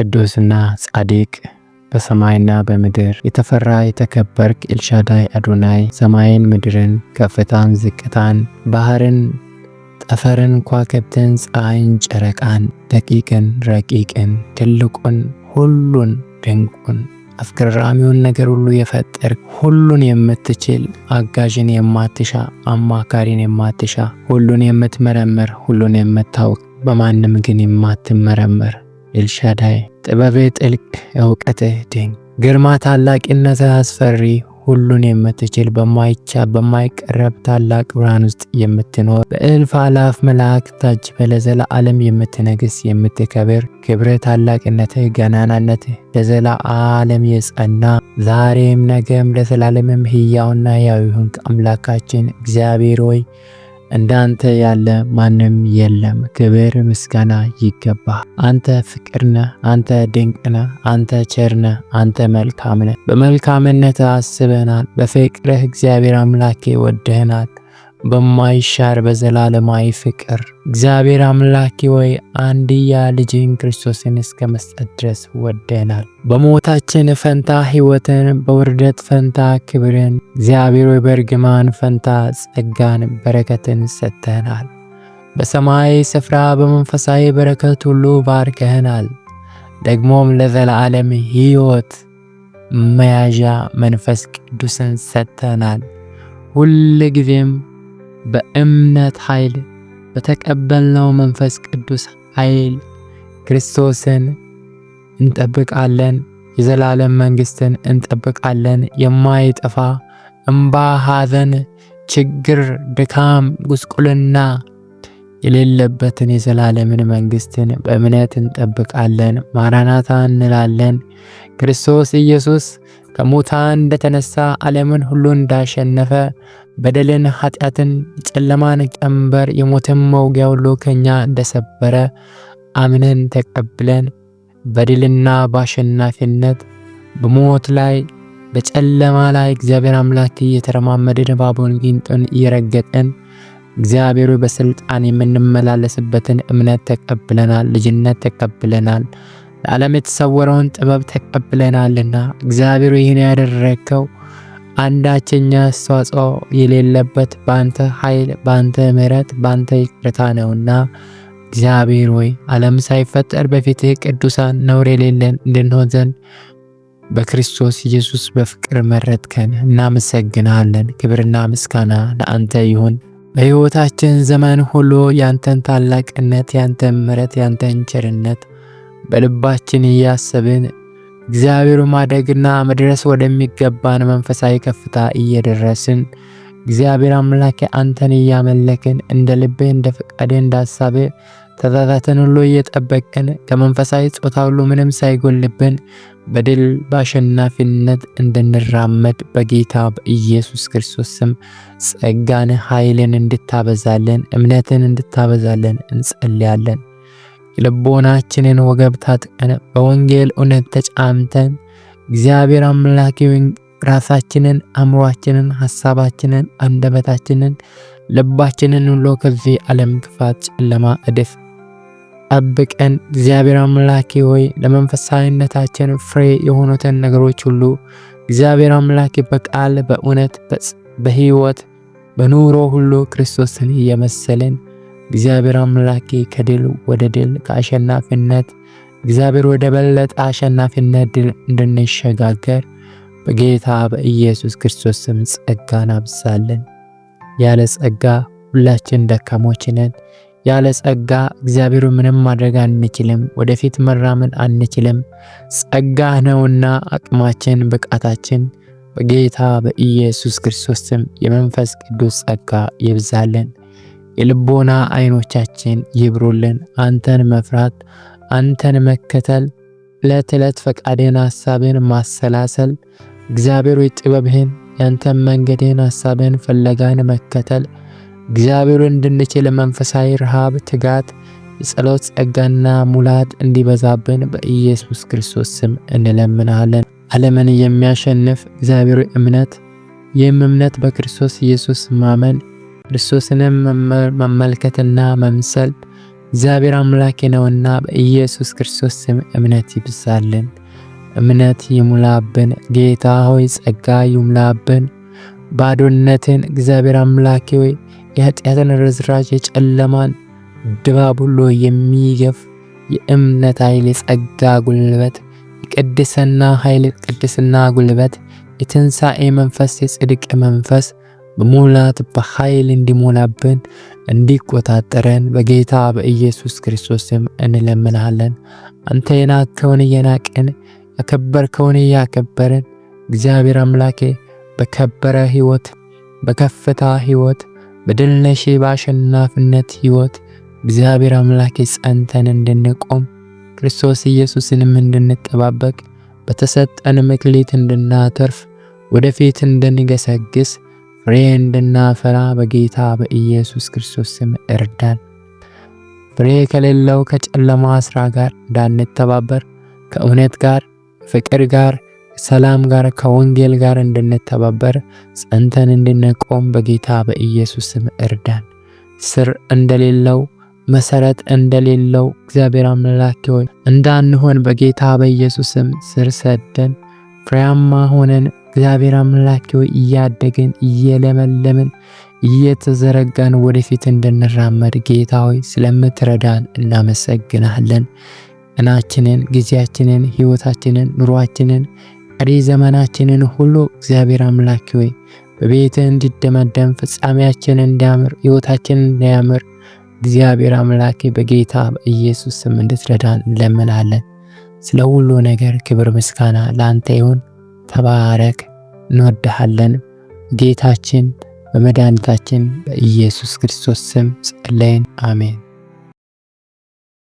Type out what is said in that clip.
ቅዱስና ጻድቅ በሰማይና በምድር የተፈራ የተከበርክ ኤልሻዳይ አዶናይ ሰማይን፣ ምድርን፣ ከፍታን፣ ዝቅታን፣ ባህርን፣ ጠፈርን፣ ኳክብትን፣ ፀሐይን፣ ጨረቃን፣ ደቂቅን፣ ረቂቅን፣ ትልቁን፣ ሁሉን፣ ድንቁን፣ አስገራሚውን ነገር ሁሉ የፈጠር ሁሉን የምትችል አጋዥን የማትሻ አማካሪን የማትሻ ሁሉን የምትመረምር ሁሉን የምታውቅ በማንም ግን የማትመረምር ኤልሻዳይ ጥበብ ጥልቅ እውቀትህ ድንቅ ግርማ ታላቅነትህ አስፈሪ ሁሉን የምትችል በማይቻ በማይቀረብ ታላቅ ብርሃን ውስጥ የምትኖር በእልፍ አላፍ መላእክት በለዘላ ዓለም የምትነግስ የምትከብር ክብረ ታላቅነትህ ገናናነትህ ለዘላ ዓለም የጸና ዛሬም ነገም ለዘላለምም ህያውና ሕያው ይሁን አምላካችን እግዚአብሔር ሆይ እንዳንተ ያለ ማንም የለም። ክብር ምስጋና ይገባ! አንተ ፍቅር አንተ ድንቅ አንተ ቸር አንተ መልካም በመልካምነት አስበናል። በፍቅርህ እግዚአብሔር አምላኬ ወደህናል። በማይሻር በዘላለማዊ ፍቅር እግዚአብሔር አምላኪ ወይ አንድያ ልጅን ክርስቶስን እስከ መስጠት ድረስ ወደናል። በሞታችን ፈንታ ሕይወትን፣ በውርደት ፈንታ ክብርን፣ እግዚአብሔር ወይ በእርግማን ፈንታ ጸጋን፣ በረከትን ሰጥተናል። በሰማያዊ ስፍራ በመንፈሳዊ በረከት ሁሉ ባርከህናል። ደግሞም ለዘላለም ሕይወት መያዣ መንፈስ ቅዱስን ሰጥተናል ሁል ጊዜም በእምነት ኃይል በተቀበልነው መንፈስ ቅዱስ ኃይል ክርስቶስን እንጠብቃለን። የዘላለም መንግስትን እንጠብቃለን። የማይጠፋ እምባ፣ ሐዘን፣ ችግር፣ ድካም፣ ጉስቁልና የሌለበትን የዘላለምን መንግስትን በእምነት እንጠብቃለን። ማራናታ እንላለን። ክርስቶስ ኢየሱስ ከሙታን እንደተነሳ ዓለምን ሁሉ እንዳሸነፈ በደልን፣ ኃጢአትን፣ ጨለማን ቀንበር የሞትን መውጊያ ሁሉ ከኛ እንደሰበረ አምነን ተቀብለን በድልና በአሸናፊነት በሞት ላይ በጨለማ ላይ እግዚአብሔር አምላክ እየተረማመድን ባቡን ጊንጡን እየረገጠን እግዚአብሔሩ በስልጣን የምንመላለስበትን እምነት ተቀብለናል። ልጅነት ተቀብለናል። ለዓለም የተሰወረውን ጥበብ ተቀብለናልና እግዚአብሔር ይህን ያደረግከው አንዳችኛ አስተዋጽኦ የሌለበት በአንተ ኃይል፣ በአንተ ምሕረት፣ በአንተ ይቅርታ ነውና እግዚአብሔር ሆይ ዓለም ሳይፈጠር በፊትህ ቅዱሳን ነውር የሌለን እንድንሆን ዘንድ በክርስቶስ ኢየሱስ በፍቅር መረጥከን። እናመሰግናለን። ክብርና ምስጋና ለአንተ ይሁን። በሕይወታችን ዘመን ሁሉ ያንተን ታላቅነት፣ ያንተን ምሕረት፣ ያንተን ቸርነት በልባችን እያሰብን እግዚአብሔር ማደግና መድረስ ወደሚገባን መንፈሳዊ ከፍታ እየደረስን እግዚአብሔር አምላክ አንተን እያመለክን እንደ ልቤ እንደ ፈቃዴ እንደ ሀሳብህ ሁሉ እየጠበቅን ከመንፈሳዊ ጾታ ሁሉ ምንም ሳይጎልብን በድል በአሸናፊነት እንድንራመድ በጌታ በኢየሱስ ክርስቶስ ስም ጸጋን፣ ኃይልን እንድታበዛለን እምነትን እንድታበዛለን እንጸልያለን። የልቦናችንን ወገብ ታጥቀን በወንጌል እውነት ተጫምተን እግዚአብሔር አምላክ ራሳችንን፣ አእምሯችንን፣ ሀሳባችንን፣ አንደበታችንን፣ ልባችንን ሁሉ ከዚህ ዓለም ክፋት፣ ጨለማ፣ እድፍ ጠብቀን እግዚአብሔር አምላኬ ሆይ ለመንፈሳዊነታችን ፍሬ የሆኑትን ነገሮች ሁሉ እግዚአብሔር አምላኬ በቃል በእውነት በህይወት በኑሮ ሁሉ ክርስቶስን እየመሰልን እግዚአብሔር አምላኬ ከድል ወደ ድል ከአሸናፊነት እግዚአብሔር ወደ በለጠ አሸናፊነት ድል እንድንሸጋገር በጌታ በኢየሱስ ክርስቶስ ስም ጸጋን አብዛለን። ያለ ጸጋ ሁላችን ደካሞች ነን። ያለ ጸጋ እግዚአብሔሩ ምንም ማድረግ አንችልም፣ ወደፊት መራመድ አንችልም። ጸጋ ነውና አቅማችን፣ ብቃታችን በጌታ በኢየሱስ ክርስቶስ ስም የመንፈስ ቅዱስ ጸጋ ይብዛለን። የልቦና አይኖቻችን ይብሩልን። አንተን መፍራት፣ አንተን መከተል፣ ዕለት ዕለት ፈቃድህን፣ ሐሳብህን ማሰላሰል እግዚአብሔር ሆይ ጥበብህን፣ ያንተን መንገድህን፣ ሐሳብህን፣ ፍለጋህን መከተል እግዚአብሔር እንድንችል መንፈሳዊ ረሃብ፣ ትጋት፣ የጸሎት ጸጋና ሙላት እንዲበዛብን በኢየሱስ ክርስቶስ ስም እንለምናለን። ዓለምን የሚያሸንፍ እግዚአብሔር እምነት፣ ይህም እምነት በክርስቶስ ኢየሱስ ማመን ክርስቶስንም መመልከትና መምሰል እግዚአብሔር አምላክ ነውና በኢየሱስ ክርስቶስ ስም እምነት ይብዛልን፣ እምነት ይሙላብን። ጌታ ሆይ ጸጋ ይሙላብን። ባዶነትን እግዚአብሔር አምላኬ ሆይ የኃጢአትን ርዝራጅ የጨለማን ድባብ ሁሉ የሚገፍ የእምነት ኃይል የጸጋ ጉልበት የቅድስና ኃይል ቅድስና ጉልበት የትንሣኤ መንፈስ የጽድቅ መንፈስ መሙላት በኃይል እንዲሞላብን እንዲቆጣጠረን በጌታ በኢየሱስ ክርስቶስም እንለምናለን። አንተ የናከውን እየናቅን ያከበርከውን እያከበርን እግዚአብሔር አምላኬ በከበረ ሕይወት በከፍታ ሕይወት በድልነሽ በአሸናፍነት ሕይወት እግዚአብሔር አምላኬ ጸንተን እንድንቆም ክርስቶስ ኢየሱስንም እንድንጠባበቅ በተሰጠን መክሊት እንድናተርፍ ወደፊት እንድንገሰግስ ፍሬ እንድናፈራ በጌታ በኢየሱስ ክርስቶስ ስም እርዳን። ፍሬ ከሌለው ከጨለማ ስራ ጋር እንዳንተባበር ከእውነት ጋር፣ ፍቅር ጋር፣ ሰላም ጋር፣ ከወንጌል ጋር እንድንተባበር ጸንተን እንድንቆም በጌታ በኢየሱስ ስም እርዳን። ስር እንደሌለው መሰረት እንደሌለው እግዚአብሔር አምላክ ሆይ እንዳንሆን በጌታ በኢየሱስ ስም ስር ሰደን ፍሬያማ ሆነን እግዚአብሔር አምላኬ ሆይ እያደግን እየለመለምን እየተዘረጋን ወደፊት እንድንራመድ ጌታ ሆይ ስለምትረዳን እናመሰግናለን። እናችንን፣ ጊዜያችንን፣ ህይወታችንን፣ ኑሯችንን፣ ቀሪ ዘመናችንን ሁሉ እግዚአብሔር አምላኬ ሆይ በቤትህ እንዲደመደም ፍጻሜያችንን እንዲያምር ህይወታችንን እንዲያምር እግዚአብሔር አምላኬ በጌታ በኢየሱስ ስም እንድትረዳን እንለምናለን። ስለ ሁሉ ነገር ክብር ምስጋና ለአንተ ይሁን። ተባረክ፣ እንወድሃለን። ጌታችን በመድኃኒታችን በኢየሱስ ክርስቶስ ስም ጸለይን። አሜን።